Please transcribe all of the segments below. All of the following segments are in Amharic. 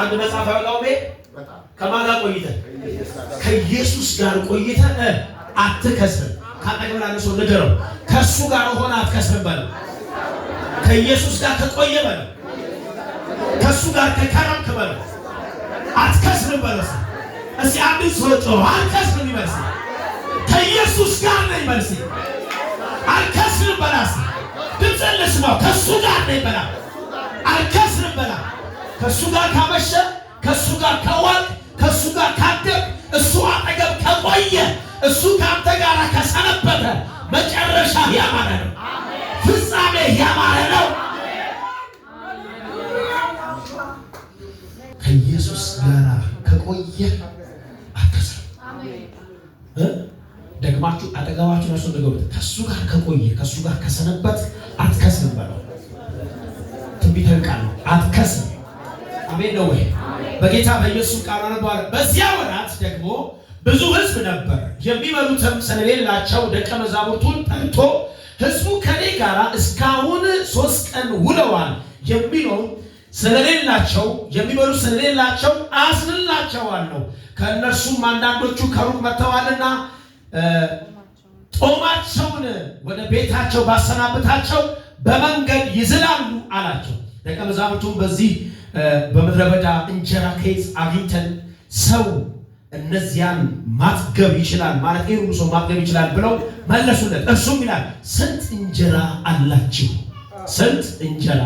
አንድ መጽሐፍ ያውላው ቤ ቆይተ ከኢየሱስ ጋር ቆይተ አትከስብም። ካጠገብ ሰው ንገረው፣ ከእሱ ጋር ሆነ አትከስብም በለው። ከኢየሱስ ጋር ከቆየ በለው። ከእሱ ጋር ከከረምክ በለው። አትከስብም በለው። እስኪ አንድ ሰው ጮኸ አልከስብም ይበል ከኢየሱስ ጋር ነኝ በል እስኪ። በላስ ድምፅን ልስማው። ከእሱ ጋር ነኝ በላ አልከስርም በላ። ከእሱ ጋር ካመሸ፣ ከእሱ ጋር ከዋልክ፣ ከእሱ ጋር ካደግ፣ እሱ አጠገብ ከቆየ፣ እሱ ከአንተ ጋር ከሰነበተ መጨረሻ ያማረ ነው። ፍጻሜ ያማረ ነው። ከኢየሱስ ጋር ከቆየ ደግማችሁ አጠገባችሁ ነሱ ንገሩት። ከእሱ ጋር ከቆየ፣ ከእሱ ጋር ከሰነበት አትከስርም በለው። ትንቢት አሜን ነው ወይ? በጌታ በኢየሱስ ቃል በዚያ ወራት ደግሞ ብዙ ህዝብ ነበር፣ የሚበሉትም ስለሌላቸው ደቀ መዛሙርቱን ጠርቶ ሕዝቡ ከኔ ጋር እስካሁን ሶስት ቀን ውለዋል፣ የሚለው ስለሌላቸው የሚበሉ ስለሌላቸው ከእነርሱም አንዳንዶቹ ከሩቅ መጥተዋልና ጦማቸውን ወደ ቤታቸው ባሰናብታቸው በመንገድ ይዝላሉ አላቸው። ደቀ መዛሙርቱም በዚህ በምድረ በዳ እንጀራ ከየት አግኝተን ሰው እነዚያን ማጥገብ ይችላል ማለት ይሄ ሁሉ ሰው ማጥገብ ይችላል ብለው መለሱለት። እርሱም ይላል ስንት እንጀራ አላችሁ? ስንት እንጀራ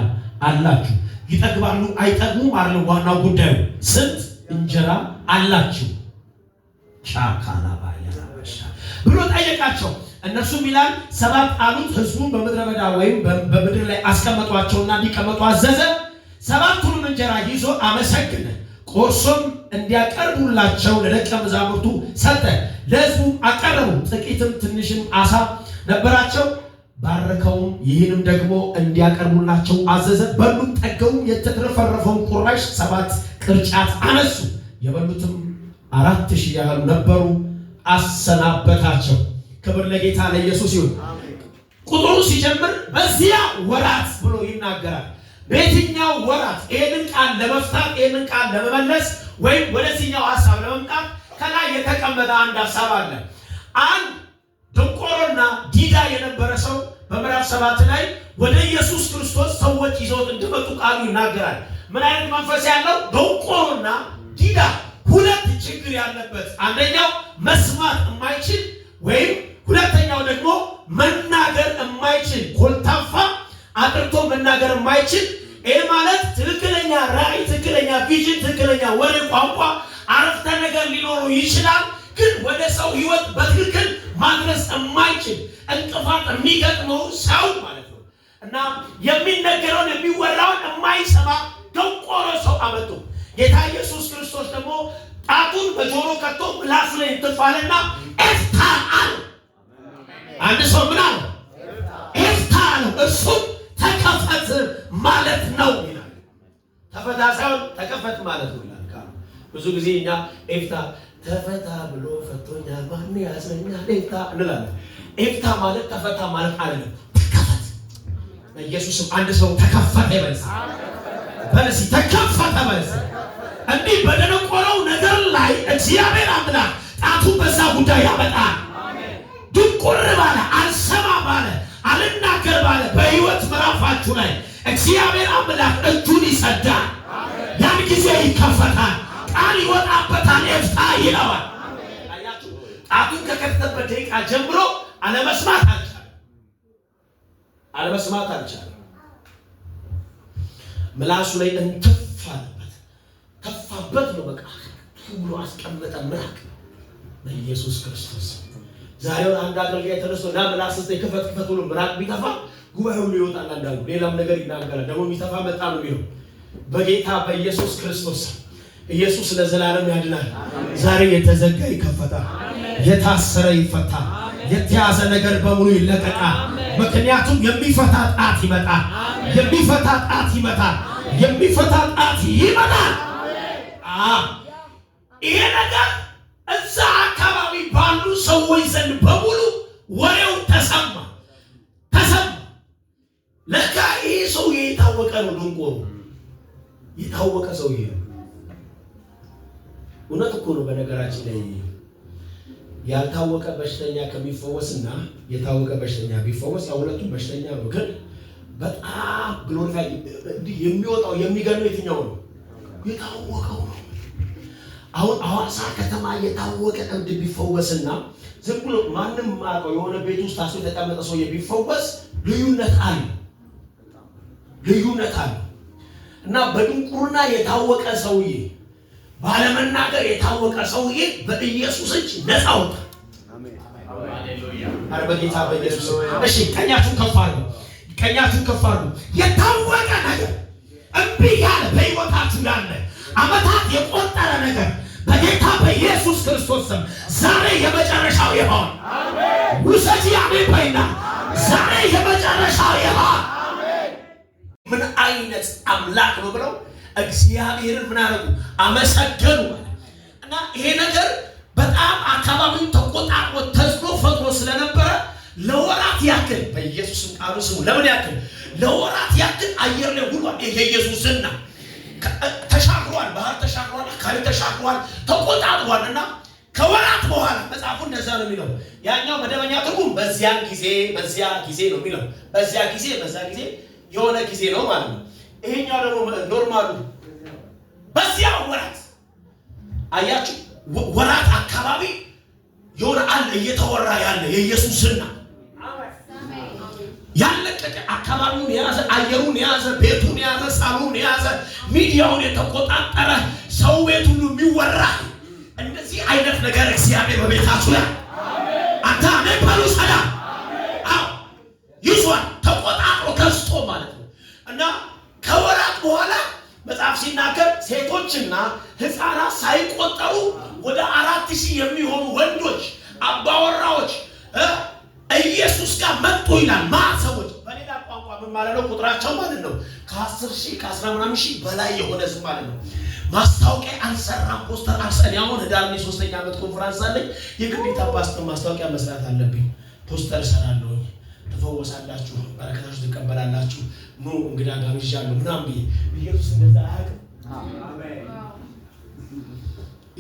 አላችሁ? ይጠግባሉ አይጠግሙም? አለ ዋናው ጉዳዩ ስንት እንጀራ አላችሁ ቻካላ ባያ ብሎ ጠየቃቸው። እነሱ ይላል ሰባት አሉት። ህዝቡን በምድረ በዳ ወይም በምድር ላይ አስቀመጧቸውና እንዲቀመጡ አዘዘ። ሰባቱንም እንጀራ ይዞ አመሰግነ ቆርሶም እንዲያቀርቡላቸው ለደቀ መዛሙርቱ ሰጠ። ለህዝቡ አቀረቡ። ጥቂትም ትንሽም አሳ ነበራቸው። ባረከውም ይህንም ደግሞ እንዲያቀርቡላቸው አዘዘ። በሉም፣ ጠገቡም። የተትረፈረፈውን ቁራሽ ሰባት ቅርጫት አነሱ። የበሉትም አራት ሺህ ያህሉ ነበሩ። አሰናበታቸው። ክብር ለጌታ ለኢየሱስ ይሁን። ቁጥሩ ሲጀምር በዚያ ወራት ብሎ ይናገራል። በየትኛው ወራት ይህንን ቃል ለመፍታት ይህንን ቃል ለመመለስ ወይም ወደዚህኛው ሀሳብ ለመምጣት ከላይ የተቀመጠ አንድ ሀሳብ አለ። አንድ ድንቆሮና ዲዳ የነበረ ሰው በምዕራፍ ሰባት ላይ ወደ ኢየሱስ ክርስቶስ ሰዎች ይዘውት እንዲመጡ ቃሉ ይናገራል። ምን አይነት መንፈስ ያለው ድንቆሮና ዲዳ፣ ሁለት ችግር ያለበት አንደኛው መስማት የማይችል ወይም ሁለተኛው ደግሞ መናገር የማይችል ኮልታፋ፣ አጥርቶ መናገር የማይችል ይህ ማለት ትክክለኛ ራዕይ፣ ትክክለኛ ቪዥን፣ ትክክለኛ ወሬ፣ ቋንቋ፣ አረፍተ ነገር ሊኖሩ ይችላል ግን ወደ ሰው ህይወት በትክክል ማድረስ የማይችል እንቅፋት የሚገጥመው ሰው ማለት ነው። እና የሚነገረውን የሚወራውን የማይሰማ ደንቆሮ ሰው አመጡ። ጌታ ኢየሱስ ክርስቶስ ደግሞ ጣቱን በጆሮ ከቶ ምላስ ላይ ትፋልና ኤፍታ አለ። አንድ ሰው ምን አለ? ኤርታ እርሱም ተከፈት ማለት ነው ይላል። ተፈታ ሳይሆን ተከፈት ማለት ነው ይላል። ብዙ ጊዜ እኛ ኤፍታ ተፈታ ብሎ ፈቶኛል ማን ያዘኛል ኤፍታ እንላለን። ኤፍታ ማለት ተፈታ ማለት አይደለም፣ ተከፈት። ኢየሱስም አንድ ሰው ተከፈተ ይበልስ በለሲ ተከፈተ በለሲ እንዲህ በደነቆረው ነገር ላይ እግዚአብሔር አምላክ ጣቱ በዛ ጉዳይ ያመጣል። ትኩር ባለ አልሰማ ባለ አልናገር ባለ በህይወት ምዕራፋችሁ ላይ እግዚአብሔር አምላክ እጁን ይሰዳል። ያን ጊዜ ይከፈታል፣ ቃል ይወጣበታል፣ ኤፍታ ይለዋል። ጣቱን ከከተተበት ደቂቃ ጀምሮ አለመስማት አልቻለም፣ አለመስማት አልቻለም። ምላሱ ላይ እንትፍ አለበት፣ ተፋበት ነው። በቃ ብሎ አስቀመጠ ምራቅ በኢየሱስ ክርስቶስ ዛሬውን አንድ አገልጋይ ተነስቶ ና ምላስ ስጠኝ ክፈት ክፈት ብሎ ምራቅ ቢተፋ ጉባኤ ሁሉ ይወጣል። አንዳንዱ ሌላም ነገር ይናገራል። ደግሞ ቢተፋ መጣ ነው የሚለው በጌታ በኢየሱስ ክርስቶስ ኢየሱስ ለዘላለም ያድናል። ዛሬ የተዘጋ ይከፈታል፣ የታሰረ ይፈታል፣ የተያዘ ነገር በሙሉ ይለቀቃል። ምክንያቱም የሚፈታ ጣት ይመጣል፣ የሚፈታ ጣት ይመጣል፣ የሚፈታ ጣት ይመጣል። ይሄ ነገር እዛ አካባቢ ባሉ ሰዎች ዘንድ በሙሉ ወሬው ተሰማ ተሰማ። ለካ ይሄ ሰውዬ የታወቀ ነው፣ ድንቆሮ የታወቀ ሰውዬ ነው። እውነት እኮ ነው። በነገራችን ላይ ያልታወቀ በሽተኛ ከሚፈወስና የታወቀ በሽተኛ ቢፈወስ ያው ሁለቱም በሽተኛ ነው፣ ግን በጣም ግሎሪፋይ የሚወጣው የሚገርመው የትኛው ነው? የታወቀው ነው። አሁን ሐዋሳ ከተማ የታወቀ እብድ ቢፈወስና ዝም ብሎ ማንም ማቀው የሆነ ቤት ውስጥ አስሮ የተቀመጠ ሰው ቢፈወስ ልዩነት አለ፣ ልዩነት አለ እና በድንቁርና የታወቀ ሰውዬ ባለመናገር የታወቀ ሰውዬ በኢየሱስ እጅ ነፃ ወጣ። ኧረ በጌታ በኢየሱስ እሺ፣ ቀኛችሁን ከፋሉ፣ አድርጉ፣ ከፋሉ። የታወቀ ነገር እምቢ ያለ በሕይወታችሁ ያለ ዓመታት የቆጠረ ነገር በጌታ በኢየሱስ ክርስቶስ ስም ዛሬ የመጨረሻው ይሆን። ውሰጂ አሜን በይና፣ ዛሬ የመጨረሻው ይሆን። ምን አይነት አምላክ ነው ብለው እግዚአብሔርን ምን አደረጉ? አመሰገኑ እና ይሄ ነገር በጣም አካባቢው ተቆጣጥሮ ተጽዕኖ ፈጥሮ ስለነበረ ለወራት ያክል በኢየሱስም ቃሉ ስሙ ለምን ያክል ለወራት ያክል አየር ላይ ሁሉ የኢየሱስና ተሻክሯል፣ ባህር ተሻክሯል፣ አካባቢ ተሻክሯል፣ ተቆጣጥሯል እና ከወራት በኋላ መጽሐፉ እንደዛ ነው የሚለው። ያኛው መደበኛ ትርጉም በዚያ ጊዜ በዚያ ጊዜ ነው የሚለው። በዚያ ጊዜ በዛ ጊዜ የሆነ ጊዜ ነው ማለት ነው። ይሄኛው ደግሞ ኖርማሉ በዚያ ወራት አያችሁ፣ ወራት አካባቢ የሆነ አለ እየተወራ ያለ የኢየሱስና ያለቀቀ አካባቢውን የያዘ አየሩን የያዘ ቤቱን የያዘ ሳሉን የያዘ ሚዲያውን የተቆጣጠረ ሰው ቤት ሁሉ የሚወራ እንደዚህ አይነት ነገር እግዚአብሔር በቤታችሁ ያ አንተ አሜን በሉ። ሰላም ይዟል፣ ተቆጣጥሮ ገዝቶ ማለት ነው። እና ከወራት በኋላ መጽሐፍ ሲናገር ሴቶችና ሕፃናት ሳይቆጠሩ ወደ አራት ሺህ የሚሆኑ ወንዶች አባወራዎች ኢየሱስ ጋር መጡ ይላል። ማ ሰዎች በሌላ ቋንቋ ምን ማለት ነው? ቁጥራቸው ማለት ነው ከአስር ሺህ ከአስራ ምናምን ሺህ በላይ የሆነ ህዝብ ማለት ነው። ማስታወቂያ አልሰራም፣ ፖስተር አልሰራም። ያሁን ህዳር ሶስተኛ ዓመት ኮንፈረንስ አለኝ። የግዴታ ፓስተር ማስታወቂያ መስራት አለብኝ። ፖስተር እሰራለሁ። ትፈወሳላችሁ፣ በረከታችሁ ትቀበላላችሁ፣ ኑ እንግዳ ጋብዣለሁ ምናምን ብዬ ኢየሱስ እንደዛ አያውቅም።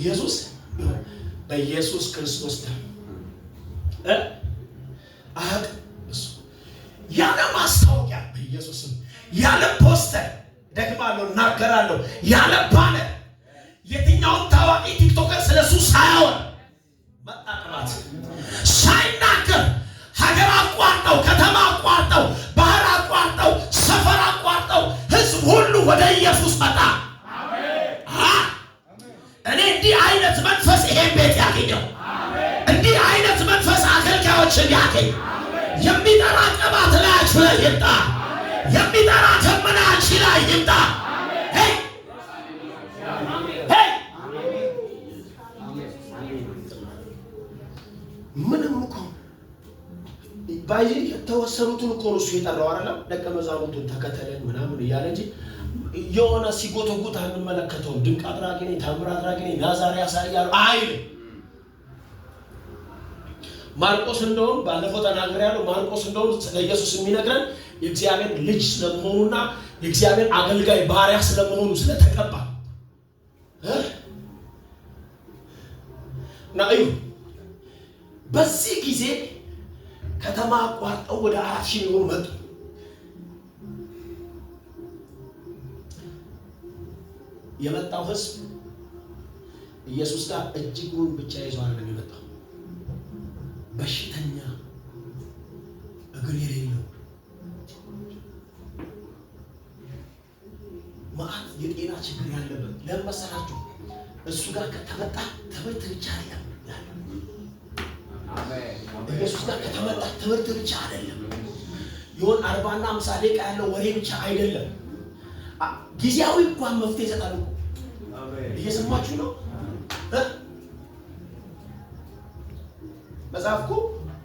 ኢየሱስ በኢየሱስ ክርስቶስ እ አቅ እሱ ያለ ማስታወቂያ በኢየሱስም ያለ ፖስተር ደግማለሁ እናገራለሁ ያለ ባለ የትኛውም ታዋቂ ቲክቶከር ስለ እሱ ሳያወር መጣቅባት ሳይናገር ሀገር አቋርጠው ከተማ አቋርጠው ባህር አቋርጠው ሰፈር አቋርጠው ህዝብ ሁሉ ወደ ኢየሱስ መጣ። እኔ እንዲህ አይነት መንፈስ ይሄን ቤት ያገኘው ልጆችን ያገኝ። የሚጠራ ቅባት ላያችሁ ላይ ይምጣ። የሚጠራ ደመና ላይ ይምጣ። ምንም እኮ ባይ የተወሰኑትን እኮ እሱ የጠራው አይደለም። ደቀ መዛሙርቱን ተከተለን ምናምን እያለ እንጂ የሆነ ሲጎተጉት አንመለከተውም። ድንቅ አድራጊ ነኝ፣ ታምር አድራጊ ነኝ፣ ናዛሪ ያሳያሉ አይልም። ማርቆስ እንደውም ባለፈው ተናገር ያለው ማርቆስ እንደውም ስለ ኢየሱስ የሚነግረን የእግዚአብሔር ልጅ ስለመሆኑና የእግዚአብሔር አገልጋይ ባሪያ ስለመሆኑ ስለተቀባ እና እዩ በዚህ ጊዜ ከተማ አቋርጠው ወደ አራት ሺህ የሚሆኑ መጡ። የመጣው ህዝብ ኢየሱስ ጋር እጅጉን ብቻ ይዘዋል ነው የሚመጣው። በሽተኛ እግር የሌለው ማአት የጤና ችግር ያለበት ለምን መሰላችሁ? እሱ ጋር ከተመጣ ትምህርት ብቻ አይደለም ኢየሱስ ጋር ከተመጣ ትምህርት ብቻ አይደለም የሆን አርባና አምሳ ደቂቃ ያለው ወሬ ብቻ አይደለም። ጊዜያዊ እንኳን መፍትሄ ይሰጣል እየሰማችሁ ነው። መጽሐፍ እኮ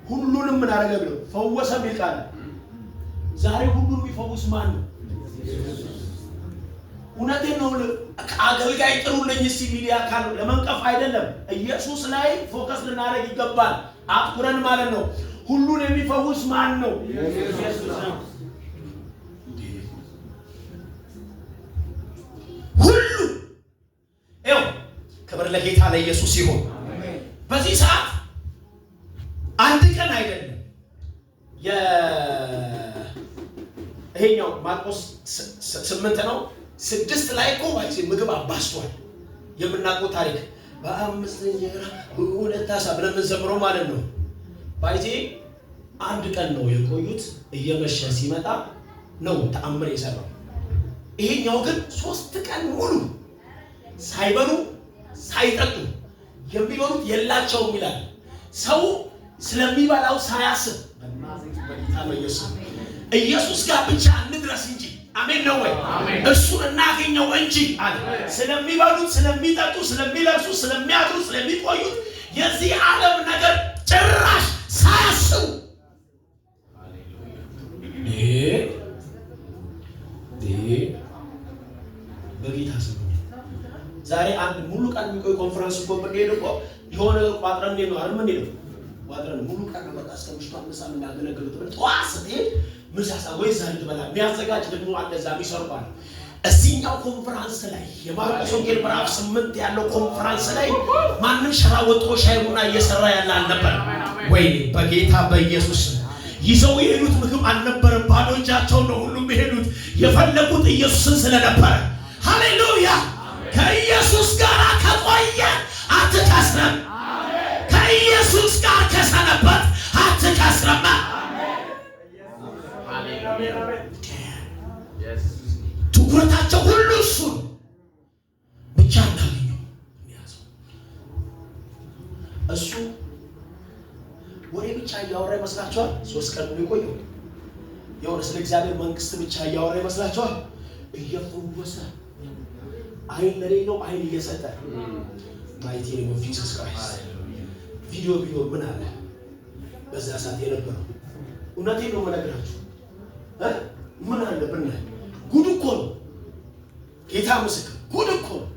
ሁሉንም ምን አደረገ ብለው ፈወሰ የሚል ቃል ዛሬ ሁሉን የሚፈውስ ማን ነው? እውነቴን ነው። አገልጋይ ጥሩልኝ እስቲ ሚል አካል ለመንቀፍ አይደለም። ኢየሱስ ላይ ፎከስ ልናደርግ ይገባል። አትኩረን ማለት ነው። ሁሉን የሚፈውስ ማን ነው? ሁሉ ይኸው ክብር ለጌታ ለኢየሱስ ይሁን። በዚህ ሰዓት አይደለም። ይሄኛው ማርቆስ ስምንት ነው ስድስት ላይ እኮ ምግብ አባስቷል። የምናውቀው ታሪክ በአምስት እንጀራ ሁለት ዓሣ ብለን የምንዘምረው ማለት ነው። ባይቴ አንድ ቀን ነው የቆዩት። እየመሸ ሲመጣ ነው ተአምር የሰራው። ይሄኛው ግን ሶስት ቀን ሙሉ ሳይበሉ ሳይጠጡ የሚበሉት የላቸውም ይላል ሰው ስለሚበላው ሳያስብ በጌታ በኢየሱስ ኢየሱስ ጋር ብቻ እንድረስ እንጂ አሜን ነው ወይ? እሱን እናገኘው እንጂ ስለሚበሉት፣ ስለሚጠጡ፣ ስለሚለብሱ፣ ስለሚያድሩ፣ ስለሚቆዩት የዚህ ዓለም ነገር ጭራሽ ሳያስቡ በጌታ ስም ዛሬ አንድ ሙሉ ቀን የሚቆይ ኮንፈረንስ እኮ የሆነ ነው ዋድረን ሙሉ ቀን በቃ እስከ ምሽቱ አምስት ሰዓት የሚያገለግሉ ትምህርት ጠዋት ስትሄድ ምሳ ሰዓት ወይ ዛሬ ትበላ የሚያዘጋጅ ደግሞ አለ እዛ የሚሰርባ ነው። እዚህኛው ኮንፈራንስ ላይ የማርቆስ ወንጌል ምዕራፍ ስምንት ያለው ኮንፈራንስ ላይ ማንም ሸራ ወጥቶ ሻይ ቡና እየሰራ ያለ አልነበር ወይ በጌታ በኢየሱስ ይዘው የሄዱት ምግብ አልነበረም። ባዶ እጃቸውን ነው ሁሉም የሄዱት የፈለጉት ኢየሱስን ስለነበረ። ሃሌሉያ! ከኢየሱስ ጋር ከቆየ አትከስረም። ከኢየሱስ ጋር ከሰነበት አትከስርማ። ትኩረታቸው ሁሉ እሱ ብቻ እሱ ወሬ ብቻ እያወራ ይመስላችኋል? ሶስት ቀን ሙሉ የቆየው የሆነ ስለ እግዚአብሔር መንግስት ብቻ እያወራ ይመስላችኋል? እየፈወሰ አይን ለሌለው አይን እየሰጠ ጂሰስ ክራይስት ቪዲዮ ቢኖር ምን አለ በዛ ሰዓት የነበረው? እውነቴን ነው የምነግራችሁ። ምን አለ ብናይ ጉድ እኮ ነው። ጌታ ምስክር ጉድ እኮ ነው።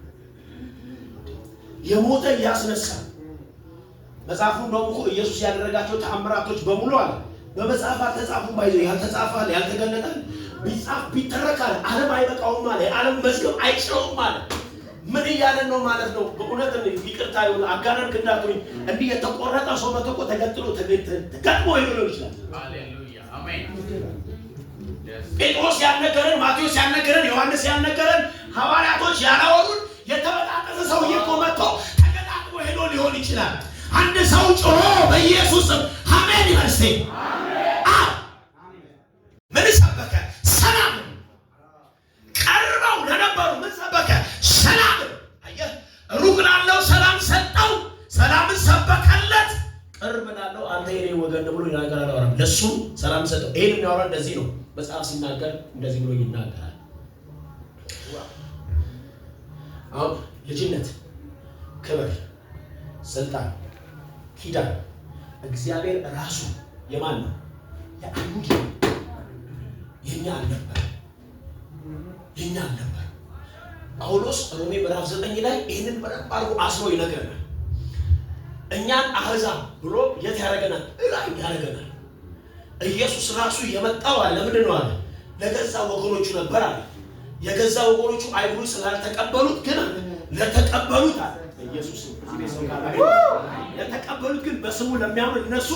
የሞተ ያስነሳል። መጽሐፉ እንደውም እኮ ኢየሱስ ያደረጋቸው ተአምራቶች በሙሉ አለ በመጽሐፍ አልተጻፉም። ባይዘው ያልተጻፈ አለ፣ ያልተገለጠ ቢጻፍ ቢተረክ አለ፣ ዓለም አይበቃውም አለ፣ የዓለም መዝገብ አይጭነውም አለ ምን እያለን ነው ማለት ነው? በእውነት ይቅርታ ይሁን አጋረን ክንዳቱኝ እንዲህ የተቆረጠ ሰው በተቆ ተገጥሎ ተገጥሞ ሊሆን ይችላል። ጴጥሮስ ያልነገረን፣ ማቴዎስ ያልነገረን፣ ዮሐንስ ያልነገረን፣ ሐዋርያቶች ያላወሩን የተበጣጠሰ ሰውዬ እኮ መጥቶ ተገጣጥሞ ሄዶ ሊሆን ይችላል። አንድ ሰው ጮሆ በኢየሱስም አሜን ይመስል ወገን ብሎ ይናገር አላወራም። ለሱም ሰላም ሰጠው። ይህን የሚያወራ እንደዚህ ነው። መጽሐፍ ሲናገር እንደዚህ ብሎ ይናገራል። አሁን ልጅነት፣ ክብር፣ ስልጣን፣ ኪዳን እግዚአብሔር ራሱ የማን ነው? የአንድ የኛ አልነበር፣ የኛ አልነበር። ጳውሎስ ሮሜ ምዕራፍ ዘጠኝ ላይ ይህንን በደንብ አድርጎ አስሮ ይነግረናል። እኛን አህዛብ ብሎ የት ያደረገናል? እላይ ያደረገናል። ኢየሱስ ራሱ የመጣው አለ ለምንድን ነው አለ ለገዛ ወገኖቹ ነበር አለ። የገዛ ወገኖቹ አይሁድ ስላልተቀበሉት ግን ለተቀበሉት አለ ኢየሱስ ለተቀበሉት ግን በስሙ ለሚያምኑ እነሱ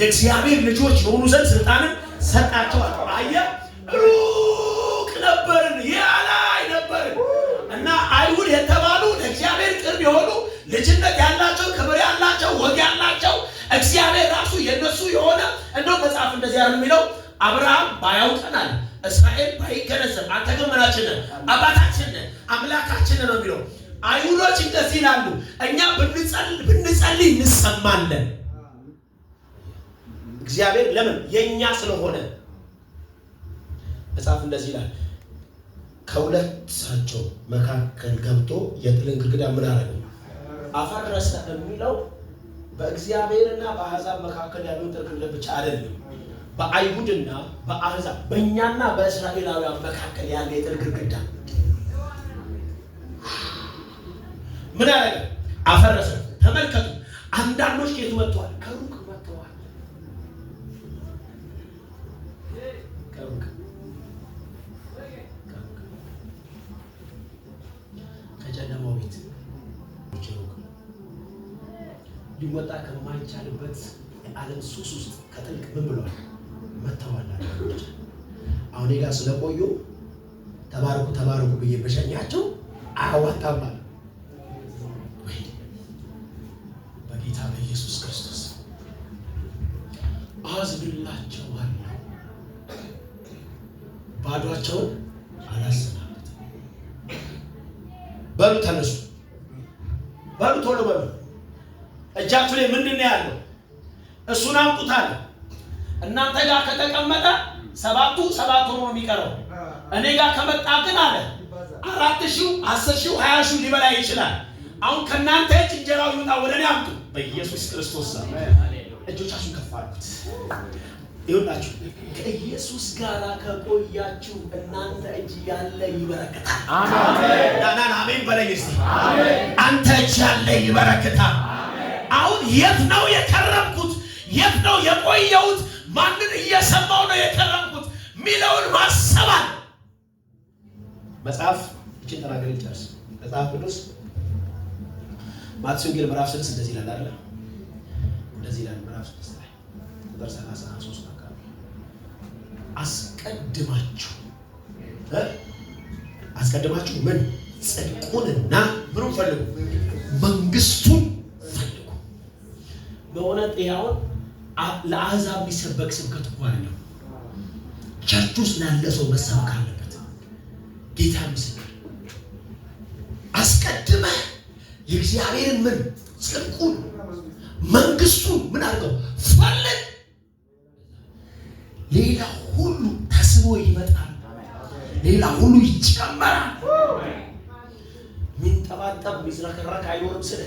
የእግዚአብሔር ልጆች የሆኑ ዘንድ ስልጣንን ሰጣቸው አለ። አየህ ልጅነት ያላቸው ክብር ያላቸው ወግ ያላቸው እግዚአብሔር ራሱ የነሱ የሆነ እንደው መጽሐፍ እንደዚህ ያለ የሚለው አብርሃም ባያውቀናል እስራኤል ባይገነዘብ አንተ ግን ምናችን አባታችን አምላካችን ነው የሚለው አይሁዶች እንደዚህ ይላሉ። እኛ ብንጸልይ እንሰማለን። እግዚአብሔር ለምን የእኛ ስለሆነ መጽሐፍ እንደዚህ ይላል። ከሁለት ሳቸው መካከል ገብቶ የጥልን ግድግዳ ምን አረገው? አፈረሰ የሚለው በእግዚአብሔርና በአሕዛብ መካከል ያለው ጥርቅለ ብቻ አይደለም። በአይሁድና በአሕዛብ በእኛና በእስራኤላውያን መካከል ያለ የጥል ግድግዳ ምን አደረገ? አፈረሰ። ተመልከቱ፣ አንዳንዶች የት መጥተዋል? ከሩቅ ሊወጣ ከማይቻልበት የዓለም ሱስ ውስጥ ከጥልቅ ምን ብሏል መጥተዋል። አሁን ጋ ስለቆዩ ተባረኩ ተባረኩ ብዬ በሸኛቸው አያዋጣም አለ። በጌታ በኢየሱስ ክርስቶስ አዝንላቸዋለሁ፣ ባዷቸውን አላሰናበትም። በም ተነሱ ላይ ምንድን ነው ያለው? እሱን አምጡት አለ። እናንተ ጋር ከተቀመጠ ሰባቱ ሰባቱ ሆኖ ነው የሚቀረው። እኔ ጋር ከመጣ ግን አለ አራት ሺው አስር ሺው ሀያ ሺው ሊበላ ይችላል። አሁን ከእናንተ እጅ እንጀራው ይውጣ፣ ወደ እኔ አምጡ። በኢየሱስ ክርስቶስ እጆቻችሁን ከፍ አድርጉት። ይሁላችሁ ከኢየሱስ ጋር ከቆያችሁ እናንተ እጅ ያለ ይበረክታል። አሜን። በለኝ እስቲ። አንተ እጅ ያለ ይበረክታል። አሁን የት ነው የከረምኩት? የት ነው የቆየሁት? ማንን እየሰማው ነው የከረምኩት ሚለውን ማሰባል መጽሐፍ እችን ተናገር ይጨርስ መጽሐፍ ቅዱስ ማቴዎስ ወንጌል ምዕራፍ ስድስት እንደዚህ ይላል አለ እንደዚህ ይላል ምዕራፍ ስድስት ላይ ቁጥር ሰላሳ ሶስት አካባቢ አስቀድማችሁ አስቀድማችሁ ምን ጽድቁንና ምኑን ፈልጉ ለአሕዛብ የሚሰበክ ስብከት እኮ አይደለም። ቸርች ውስጥ ላለ ሰው መሰበክ አለበት። ጌታ ምስክር። አስቀድመህ የእግዚአብሔርን ምን ጽድቁን፣ መንግስቱን ምን አድርገው ፈልግ፣ ሌላ ሁሉ ተስቦ ይመጣል። ሌላ ሁሉ ይጨመራል። ሚንጠባጠብ ሚዝረከረክ አይኖርም ስለ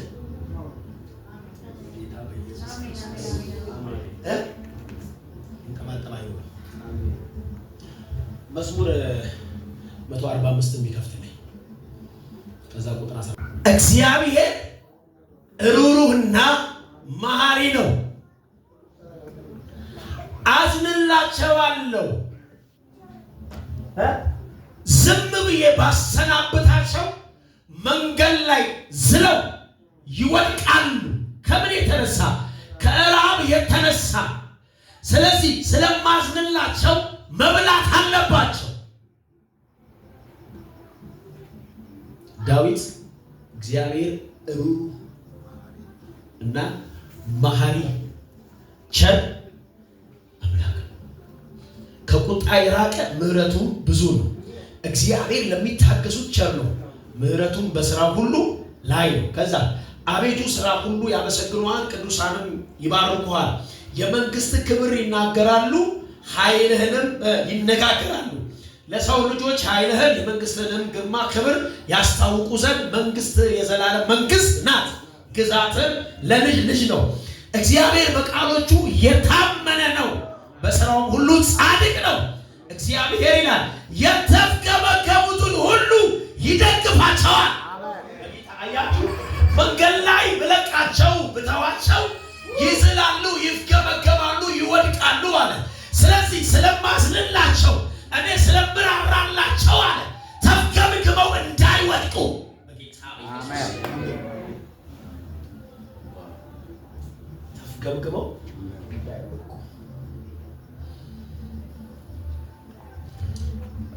መዝሙር 145 የሚከፍት ነኝ ከዛ ቁጥር እግዚአብሔር ዳዊት እግዚአብሔር እሩ እና መሐሪ ቸር አምላክ ከቁጣ የራቀ ምሕረቱ ብዙ ነው። እግዚአብሔር ለሚታገሱት ቸር ነው፣ ምሕረቱም በስራ ሁሉ ላይ ነው። ከዛ አቤቱ ስራ ሁሉ ያመሰግኑሃል፣ ቅዱሳንም ይባርኩሃል። የመንግስት ክብር ይናገራሉ፣ ኃይልህንም ይነጋገራል። ለሰው ልጆች ኃይልህን የመንግስትህንም ግርማ ክብር ያስታውቁ ዘንድ መንግስት የዘላለም መንግስት ናት፣ ግዛትን ለልጅ ልጅ ነው። እግዚአብሔር በቃሎቹ የታመነ ነው፣ በስራውም ሁሉ ጻድቅ ነው። እግዚአብሔር ይላል የተፍገመገሙትን ሁሉ ይደግፋቸዋል። አያችሁ፣ መንገድ ላይ ብለቃቸው ብተዋቸው ይዝላሉ፣ ይፍገበገባሉ፣ ይወድቃሉ አለ። ስለዚህ ስለማዝንላቸው እኔ ስለምራራላቸው አለ ተፍገምግመው እንዳይወድቁ ተፍገምግመው እንዳይወድቁ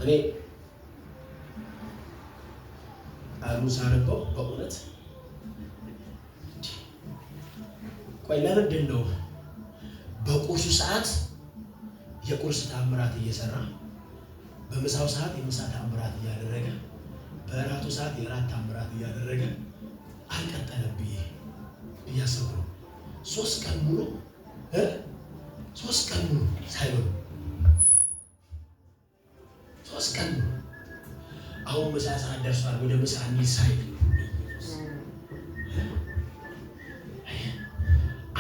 እኔ አሉ ሳነበው በእውነት ቆይ ለምንድን ነው በቁርሱ ሰዓት የቁርስ ታምራት እየሰራ በምሳው ሰዓት የምሳ ታምራት እያደረገ በእራቱ ሰዓት የራት ታምራት እያደረገ አልቀጠለብኝ ብዬ ነው። ሶስት ቀን ሙሉ ሶስት ቀን ሙሉ ሳይበሉ ሶስት ቀን ሙሉ አሁን ምሳ ሰዓት ደርሷል። ወደ ምሳ ሚል ሳይ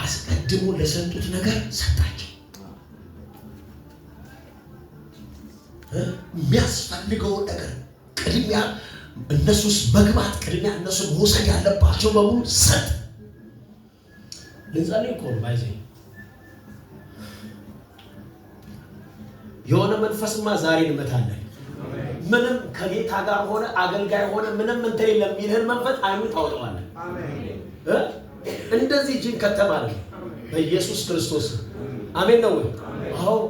አስቀድሞ ለሰጡት ነገር ሰጣቸው። የሚያስፈልገውን ነገር ቅድሚያ እነሱ ውስጥ መግባት ቅድሚያ እነሱ መውሰድ ያለባቸው በሙሉ ሰጥ ልንጸልይ እኮ ባይዜ የሆነ መንፈስማ ዛሬ እንመታለን። ምንም ከጌታ ጋር ሆነ አገልጋይ ሆነ ምንም እንትን የለም የሚልህን መንፈስ አይኑ ታወጠዋለን። እንደዚህ ጅን ከተማለ በኢየሱስ ክርስቶስ አሜን ነው። አሁን